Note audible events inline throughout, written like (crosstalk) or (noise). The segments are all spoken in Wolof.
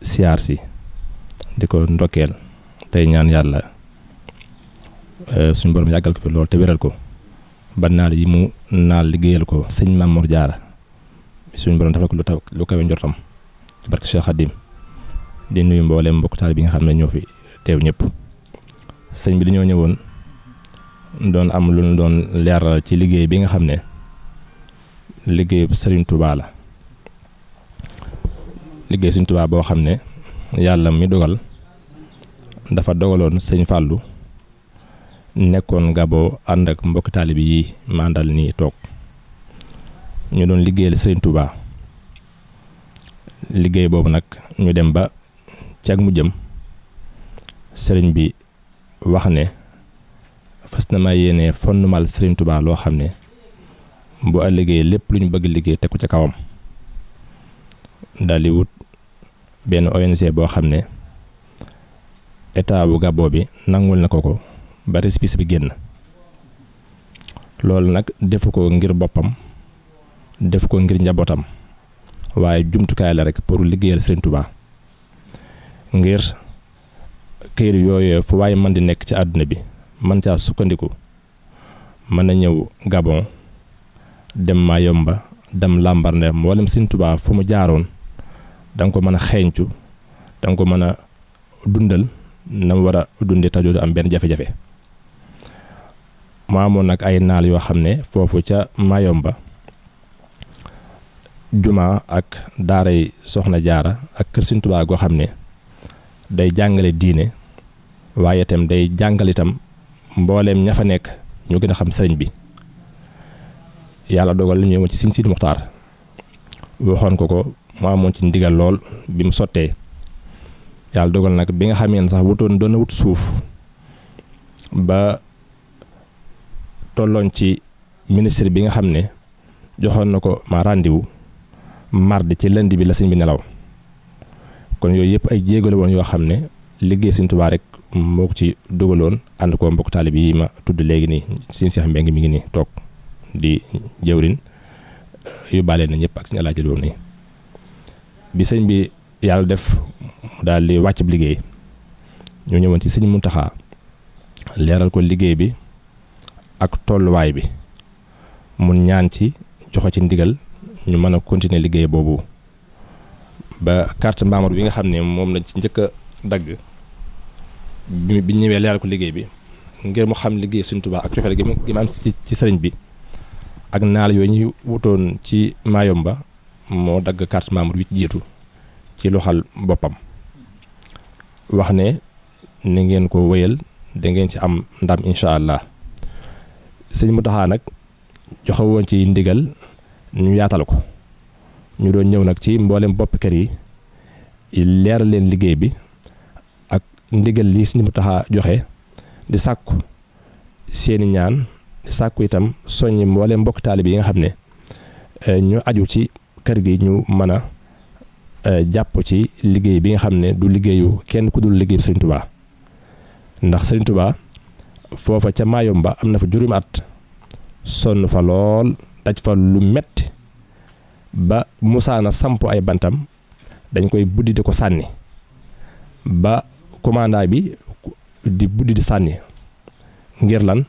siyaar si di ko ndokkeel tey ñaan yàlla eh, suñ borom yàggal ko fi lool te wéral ko ba naal yi mu naal liggéeyal ko sëñ Maam Mor Jaara suñu borom dafa ko lu taw lu kawe njortam barke Cheikh Khadim di nuyu mboolem mbokk taal bi nga xam ne ñëw fi teew ñëpp sëñ bi dañoo ñëwoon doon am lu doon leeral ci liggéey bi nga xam ne liggéey Serigne Touba la. liggéey Sëñ Tuubaa boo xam ne yàlla mi dogal dafa dogaloon Sëñ Fàllu nekkoon Gabon ànd ak mbokki taalib yi ma àndal nii toog ñu doon liggéeyal Sëñ Tuubaa liggéey boobu nag ñu dem ba ci mu jëm sëriñ bi wax ne fas na ma yéene fondumal Sëriñ Tuubaa loo xam ne bu liggéey lépp lu ñu bëgg liggéey teg ko ca kawam daldi wut benn ONG boo xam ne état bu Gabon bi nangul na ko ko ba récépissé bi génn loolu nag defu ko ngir boppam def ko ngir njabootam waaye jumtukaay la rekk pour liggéeyal Serigne Touba ngir kër yooyu fu waaye mën di nekk ci àdduna bi mën caa sukkandiku mën na ñëw Gabon dem Mayomba dem Lambaréné mboolem Serigne Touba fu mu jaaroon. danga ko mën a xeeñcu danga ko mën a dundal na mu war a dundee te du am benn jafe-jafe ma amoon nag ay naal yoo xam ne foofu ca mayom ba jumaa ak daaray soxna jaara ak kër Sëriñ goo xam ne day jàngale diine waaye itam day jàngal itam mbooleem ña fa nekk ñu gën a xam sëriñ bi yàlla dogal li ñëw ci Sëriñ Sidi Muxtaar waxoon ko ko mu amoon ci ndigal lool bi mu sottee yàlla dogal nag bi nga xamee ne sax wutoon doon wut suuf ba tolloon ci ministre bi nga xam ne joxoon na ko ma rendez-vous mardi ci lundi bi la sëñ bi nelaw kon yooyu yëpp ay jéego la woon yoo xam ne liggéey sëñ Tuubaa rek moo ci dugaloon ànd koo mbokk taalib yi ma tudd léegi nii sëñ Seex Mbeng mi ngi nii toog di jëwrin yóbbaale na ñëpp ak a Alaaji Lo nii bi sëñ bi yàlla def mu daal di wàcc liggéey ñu ñëwoon ci sëñ Muntaxa leeral ko liggéey bi ak tolluwaay bi mun ñaan ci joxe ci ndigal ñu mën a continuer liggéey boobu ba carte membre bi nga xam ne moom lañ ci njëkk a dagg bi ñëwee leeral ko liggéey bi ngir mu xam liggéey Sëñ tubaa ak cofeel gi mu am ci sëriñ bi ak naal yooyu ñuy wutoon ci Mayomba moo dagg carte membre wi jiitu ci loxal boppam wax ne ni ngeen ko wéyal da ci am ndam incha allah sëñ Mountakha nag joxe woon ci ndigal ñu yaatal ko ñu doon ñëw nag ci mboolem bopp kër yi leeral leen liggéey bi ak ndigal li mu Mountakha joxe di sàkku seeni ñaan di sàkku itam soññi mboolem mbokk taalibe yi nga xam ne eh, ñu aju ci kër gi ñu mën a euh, jàpp ci liggéey bi nga xam ne du liggéeyu kenn ku dul liggéey Sëriñ Tubaa ndax Sëriñ Tubaa foofa ca Mayumba am na fa juróomi at sonn fa lool daj fa lu metti ba musaana samp ay bantam dañ koy buddi di ko sànni ba commanda bi di buddi di sànni ngir lan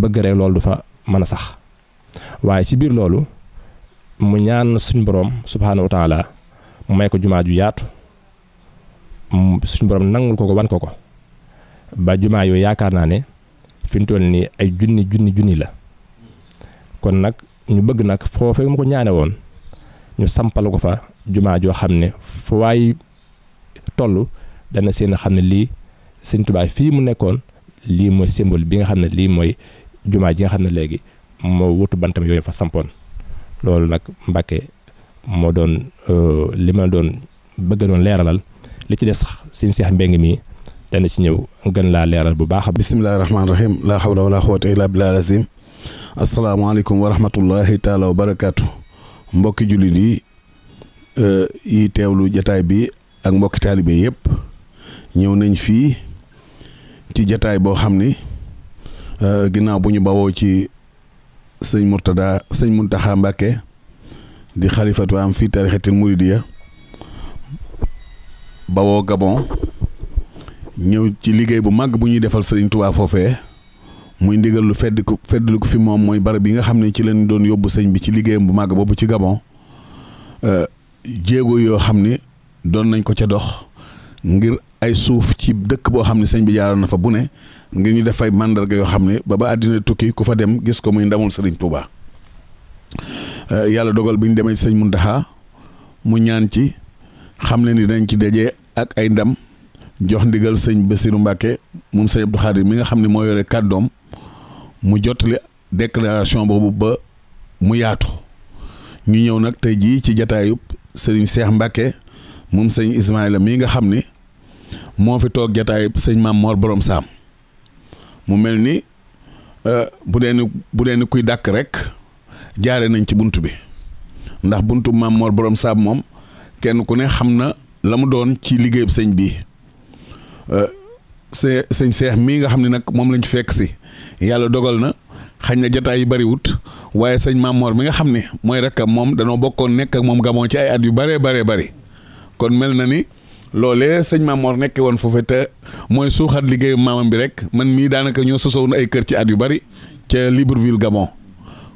bëgg rek loolu du fa mën a sax waaye ci biir loolu mu ñaan suñ borom subhaanahu wa mu may ko jumaa ju yaatu suñ borom nangul ko ko wan ko ko ba jumaa yooyu yaakaar naa ne fi mu toll nii ay junni junni junni la kon nag ñu bëgg nag foofee mu ko ñaane woon ñu sampal ko fa jumaa joo xam ne fu waay toll dana seen xam ne lii sëñ Tuubaa fii mu nekkoon lii mooy symbole bi nga xam ne lii mooy jumaa ji nga xam ne léegi moo wutu bantam yooyu fa sampoon loolu nag mbakke moo doon euh, li ma doon bëgg doon leeralal li ci des sax suñu seex mbéng mi dana ci ñëw gën laa leeral bu baax. bisimilah rahmaani rahiim laa xawla wala xuwwata illaa billaahil aziim asalaamaaleykum wa rahmatullahi taala wa barakaatu mbokki jullit yi euh, yi teewlu jataay bi ak mbokki taalibe yépp ñëw nañ fii ci jataay boo xam ni euh, ginnaaw bu ñu bawoo ci. sëñ Mourtada sëñ Mountakha Mbacké di xalifatu am fii tarixatil Mouridiya bawoo Gabon ñëw ci liggéey bu màgg bu ñuy defal sëriñ Touba foofee muy ndigal lu fedd ko feddlu ko fi moom mooy barab yi nga xam ne ci leen doon yóbbu sëñ bi ci liggéeyam bu màgg boobu ci Gabon euh, jéego yoo xam ni doon nañ ko ca dox ngir ay suuf ci dëkk boo xam ne sëñ bi jaaroon na fa bu ne ngir ñu def ay mandarga yoo xam ne ba ba àddina tukki ku fa dem gis ko muy ndamul sëriñ Touba euh, yàlla dogal bi ñu demee sëñ Muntaxa mu ñaan ci xam ne ni dañ ci daje ak ay ndam jox ndigal sëñ Bassirou Mbacke moom sëñ Abdou Khadir mi nga xam ne moo yore doom mu jottali déclaration boobu ba mu yaatu ñu ñëw nag tey jii ci jataayub sëriñ Cheikh Mbacke moom sëñ Ismaïla mii nga xam ni moo fi toog jataay sëñ maam Mor boroom Saam mu mel ni euh, bu dee ni bu dee ni kuy dàkk rek jaare nañ ci bunt bi ndax buntu maam Mor Borom Saam moom kenn ku ne xam na la mu doon ci liggéeyub sëñ bii euh, se sëñ seex mii nga xam ne nag moom lañ fekk si yàlla dogal na xañ na jataay yi bariwut waaye sëñ maam Mor mi nga xam ne mooy rakkam moom danoo bokkoon nekk ak moom gamoon ci ay at yu baree baree bari kon mel na ni. loole sëñ Mamor nekke woon foofu te mooy suuxat liggéeyu maamam bi rek man mii daanaka ñoo sosoon ay kër ci at yu bari ca Libreville Gabon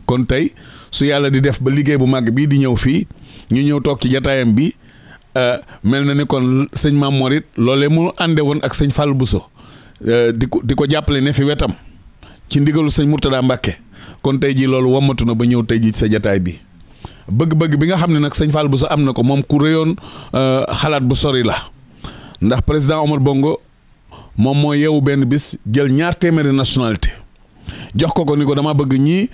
kon tey su yàlla di def ba liggéey bu màgg bii di ñëw fii ñu ñëw toog ci jataayam bi euh, mel na ni kon sëñ Mamor it loolee mu ànde woon ak sëñ fal Fall Bousso euh, di ko di ko jàppale ne fi wetam ci ndigalu sëñ Mourtada Mbacke kon tey jii loolu wamatu na ba ñëw tey jii ci sa jataay bi bëgg-bëgg bi nga xam ne nag sëñ Fall Bousso am na ko moom ku réyoon euh, xalaat bu sori la ndax président Omar Bongo moom moo yeewu benn bis jël ñaar téeméeri nationalité jox ko ko ni ko dama bëgg ñii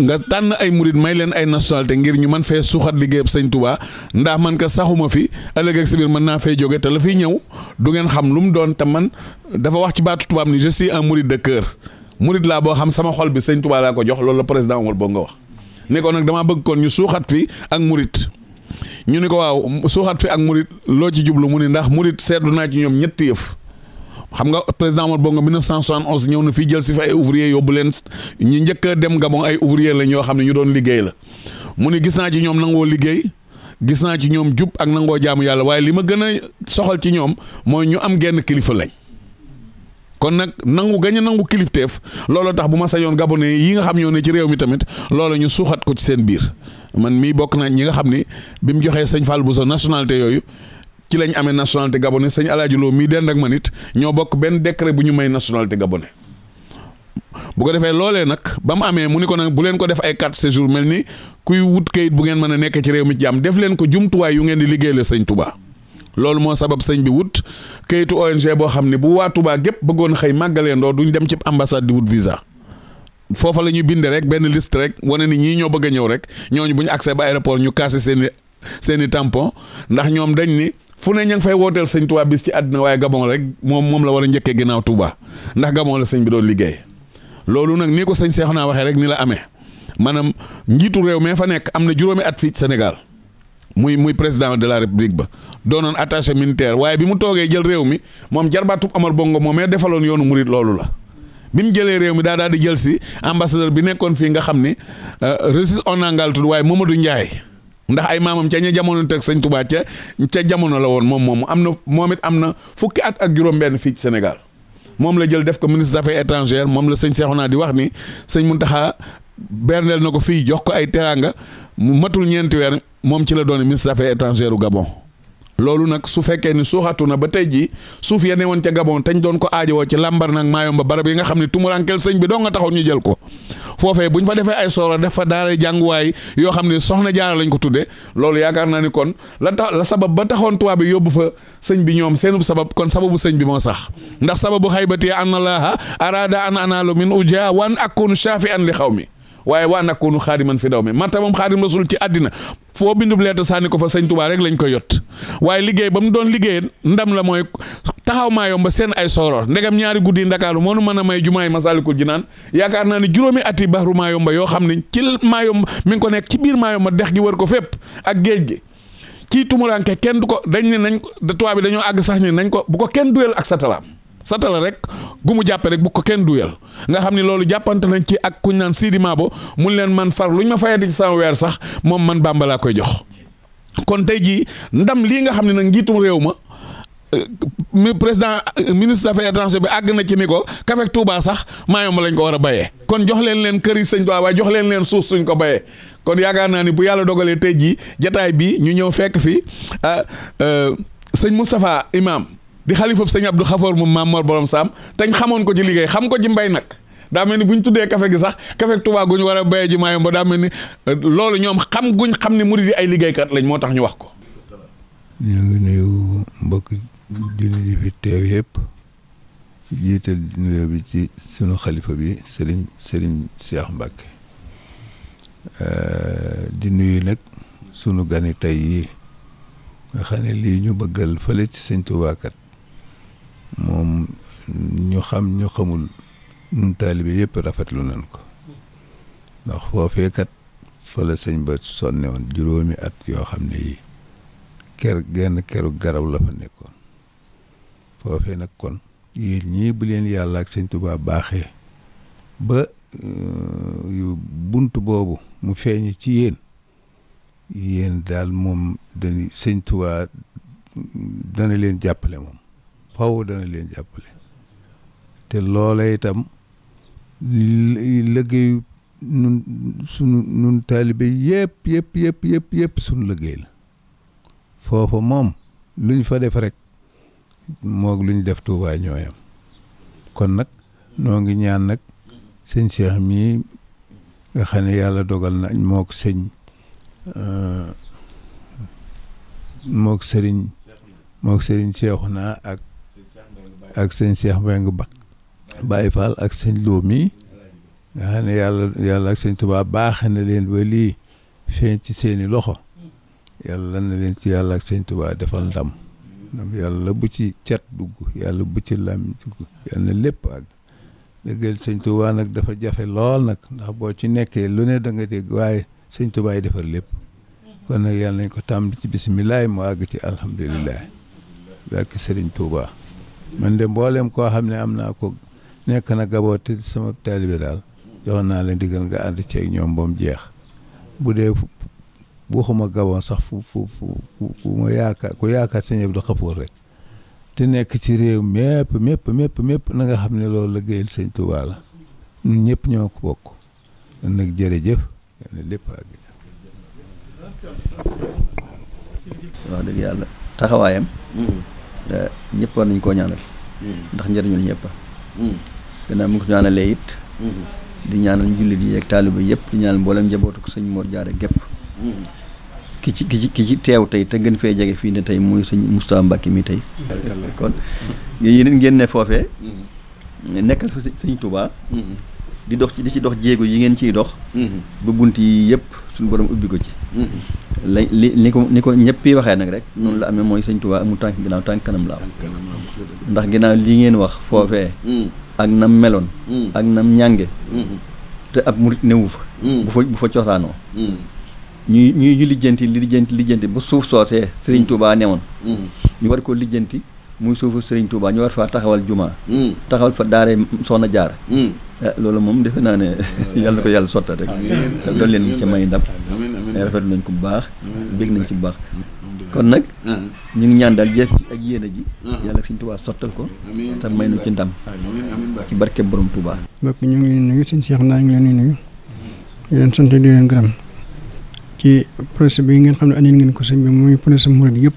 nga tànn ay murit may leen ay nationalité ngir ñu man fee suuxat liggéeyab sëñ Touba ndax man ka saxuma fi ëllëg ak si biir mën naa fee jóge te la fiy ñëw du ngeen xam lu mu doon te man dafa wax ci baatu tubaab ni je suis un murit de cœur murit laa boo xam sama bi sëñ Touba laa ko jox loolu la président Omar Bongo wax. ne ko nag damaa bëgg kon ñu suuxat fi ak murit ñu ni ko waaw suuxat fi ak murit loo ci jublu mu ni ndax murit seetlu naa ci ñoom ñetti yëf xam nga président Omar Bongo 1971 ñëw na fii jël si fi ay ouvrier yóbbu leen ñi njëkk a dem Gabon ay ouvrier la ñoo xam ne ñu doon liggéey la mu ni gis naa ci ñoom nangoo liggéey gis naa ci ñoom jub ak nangoo jaamu yàlla waaye li ma gën a soxal ci ñoom mooy ñu am genn kilifa lañ kon nag nangu gañ nangu kilifteef looloo tax bu ma sañoon gabonais yi nga xam ñoo ne ci réew mi tamit loolu ñu suuxat ko ci seen biir man mii bokk nañ ñi nga xam ni bi mu joxee sëñ Fall Bousso nationalité yooyu ci lañ amee nationalité gabonais sëñ Alaaji Lo mii dend ak man it ñoo bokk benn décret bu ñu may nationalité gabone bu ko defee loolee nag ba mu amee mu ni ko nag bu leen ko def ay quatre séjours mel ni kuy wut kayit bu ngeen mën a nekk ci réew mi ci jàmm def leen ko jumtuwaay yu ngeen di liggéeyal sëñ Touba. loolu moo sabab sëñ bi wut kayitu ONG boo xam ne bu waa Touba gépp bëggoon xëy màggalee ndoo duñ dem ci ambassade di wut visa foofa la ñuy binde rek benn liste rek wane ni ñii ñoo bëgg a ñëw rek ñooñu bu ñu accès ba aéroport ñu kaase seen i seen tampon ndax ñoom dañ ni fu ne ña ngi fay wooteel sañ Touba bis ci àddina waaye Gabon rek moom moom la war a njëkkee ginnaaw Touba ndax Gabon la sëñ bi doon liggéey loolu nag nii ko sëñ Seexuna waxee rek ni la amee maanaam njiitu réew mi fa nekk am na juróomi at fii Sénégal muy muy président de la république ba doonoon attaché militaire waaye bi mu toogee jël réew mi moom jarbaatub Omar Bongo moomee defaloon yoonu murit loolu la bi mu jëlee réew mi daa daal di jël si ambassadeur bi nekkoon fii nga xam ni euh, Régis Onangal tudd waaye Mamadou Ndiaye ndax ay maamam ca ña jamono teg sëñ Tuubaa ca ca jamono la woon moom moom am na moom it am na fukki at ak juróom-benn fii ci Sénégal moom la jël def ko ministre des affaires moom la sëñ Seexuna di wax ni sëñ Muntaxa berndeel na ko fii jox ko ay teraanga mu matul ñeenti weer moom ci la doon ministre affaires étrangères u Gabon loolu nag su fekkee ni suuxatu na ba tey jii suuf ya ne woon ca Gabon tañ doon ko aajowoo ci làmbar nag maayomba barab yi nga xam ne tumuraankel sëñ bi doo nga taxaw ñu jël ko foofee bu fa defee ay soora def fa daara jànguwaay yoo xam ne soxna jaara lañ ko tudde loolu yaakaar naa ni kon la tax la sabab ba taxoon tubaab bi yóbbu fa sëñ bi ñoom seenub sabab kon sababu sëñ bi moo sax ndax sababu xaybati an allaha arada an analu min uja wan akun shafi an li xaw mi waaye waa nakkoonu xaadiman fi daw mi marta moom xaadim rasul ci àddina foo bindub leeta sànni ko fa sëñ Tuubaa rek lañ koy yot waaye liggéey ba mu doon liggéey ndam la mooy taxaw maa yomb ba seen ay sooroor ndegam ñaari guddi ndakaaru moonu mën a may jumaay Masaalikul Jinaan yaakaar naa ne juróomi ati baxru maa yomba yoo xam ne ci maa yomb mi ngi ko nekk ci biir maa yomba dex gi war ko fépp ak géej gi ci tumuranke kenn du ko dañ ne nañ ko tubaab bi dañoo àgg sax ni nañ ko bu ko kenn duwel ak satalaam satala rek gu mu jàppe rek bu ko kenn duyal nga xam ni loolu jàppante nañ ci ak kuñ naan Sidi Mabo mun leen man far luñ ma fayati ci sama weer sax moom man Bàmba koy jox kon tey jii ndam lii nga xam ne nag njiitum réew ma euh, mi président euh, ministre des affaires étrangères bi àgg na ci ni ko kafek Touba sax ma lañ ko war a bayee kon jox leen leen kër yi sëñ Touba waaye jox leen leen suuf suñ ko baye kon yaakaar naa ni bu yàlla dogalee tey jii jataay bi ñu ñëw fekk fi ah, euh, sëñ Moustapha Imam di xalifab sëñ Abdou Xafoor moom maam Mor Borom Saam tañ xamoon ko ci liggéey xam ko ci mbay nag daa mel ni bu ñu tuddee kafe gi sax kafe Tuubaa ñu war a béyee ji maayom ba daa mel ni euh, loolu ñoom xam guñ xam ne murid yi ay liggéeykat lañ moo tax ñu wax ko ñu ngi nuyu mbokk jullit yi bi ci sunu xalifa bi sëriñ sëriñ Seex Mbàkke di nuyu nag sunu gani tey yi nga xam ne lii ñu bëggal fële ci sëñ Tuubaa moom ñu xam ñu xamul nun taalibe yëpp rafetlu nañ ko ndax foofee kat fa la sëñ ba sonne woon juróomi at yoo xam ne yi ker genn keru garab la fa nekkoon foofee nag kon yéen ñii bu leen yàlla ak sëñ Tuubaa baaxee ba euh, yu bunt boobu mu feeñ ci yéen yéen daal moom dañuy sëñ Tuubaa dana leen jàppale moom faw dana leen jàppale te loola itam liggéeyu nun sunu nun taalibe yëpp yëpp yëpp yëpp yëpp liggéey la foofa moom luñ fa def rek moog luñ def Tuubaa ñooyam kon nag noo ngi ñaan nag sëñ Cheikh mii nga xam ne yàlla dogal na mook sëñ euh, mook sëriñ mook sëriñ Seexuna ak ak sëñ Cheikh Mbengue Ba Baye Fall ak sëñ Lo mi nga xam ne yàlla yàlla ak sëñ Tuubaa baaxe na leen ba lii feeñ ci seeni loxo yàlla na leen ci yàlla ak sëñ Tuubaa defal ndam ndam yàlla bu ci cat dugg yàlla bu ci lam dugg yàlla na lépp ak dëggal sëñ nag dafa jafe lool nag ndax boo ci nekkee lu ne da nga dégg waaye sëñ Tuubaa yi defar lépp kon nag yàlla nañ ko tàmbali ci bisimilah mu àgg ci alhamdulilah barke sëriñ Tuubaa man de mboolem koo xam ne am naa ko nekk na Gabon te sama taalibe daal joxoon naa la ndigal nga ànd ceeg ñoom ba jeex bu dee waxuma Gabon sax fu fu fu ma yaakaar ku yaakaar sëñ Abdou Khafour rek te nekk ci réew mépp mépp mépp mépp na nga xam ne loolu la géyal sëñ Touba la ñoo ko bokk kon nag jërëjëf yàlla lépp àgg wax dëgg yàlla taxawaayam mm-hmm. ñëpp war nañ koo ñaanal mm-hmm. ndax njëriñul ñëpp mm-hmm. gannaaw mu ngi ko ñaanalee it mm-hmm. di ñaanal jullit yi ak taaliba yëpp di ñaanal mboolem njabootu sëñ Mor Jaara gépp ki ci ki ci ci teew tey te gën fee jege fii ne tey muy sëñ Moustapha Mbacke mi tey kon yeneen ngeen ne foofee nekkal fa sëñ tubaa di dox ci di ci dox jéego yi ngeen ciy dox ba bunt yi yëpp suñu borom ubbi ko ci li ni ko ni ko ñëpp yi waxee nag rek noonu la amee mooy sëñ Tuubaa amul tànk ginnaaw tànk kanam la am ndax ginnaaw lii ngeen wax foofee mm. ak nam meloon mm. ak nam ñànge mm-hmm. te ab murit newu fa mm. bu fa cosaanoo ñuy ñuy ñu lijjanti li lijjanti lijjanti bu suuf soosee sëriñ Tuubaa newoon mm-hmm. ñu war ko lijjanti muy suufu sëriñ Tuubaa ñu war faa taxawal jumaa taxawal fa daare a jaar eh, loolu moom defe naa ne (laughs) yàlla ko yàlla sotta rek doon leen ci may ndam rafet nañ ko bu baax bég nañ ci bu baax kon nag ñu ngi ñaan daal jeex ak yéen a ji yàlla suñ tubaa sottal ko te may nu ci ndam ci barke borom tubaa bokk ñu ngi leen nuyu sëñ seex naa ngi leen di nuyu di leen sant di leen gërëm ci projet bi ngeen xam ne andil ngeen ko sëñ bi muy projet murid yëpp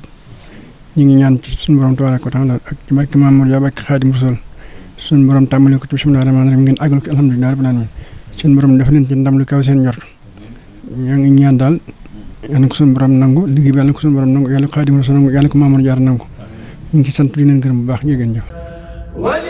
ñu ngi ñaan ci suñu borom tabaaraka wa taala ak ci barke Mamour Diop ak Xaadim Rasul suñu borom tàmbale ko ci bismillaahi rahmaani rahiim ngeen àggal ko alhamdulilah rabbil aalamiin suñu def leen ci ndam kaw seen njort ñoo ngi ñaan daal yal na ko suñu borom nangu liggéey bi yal na ko suñu borom nangu yal na ko Xaadimu Rasuul nangu yal na ko Maam Mor Jaara nangu ñu ngi ci sant di leen gërëm bu baax jërë ngeen jëf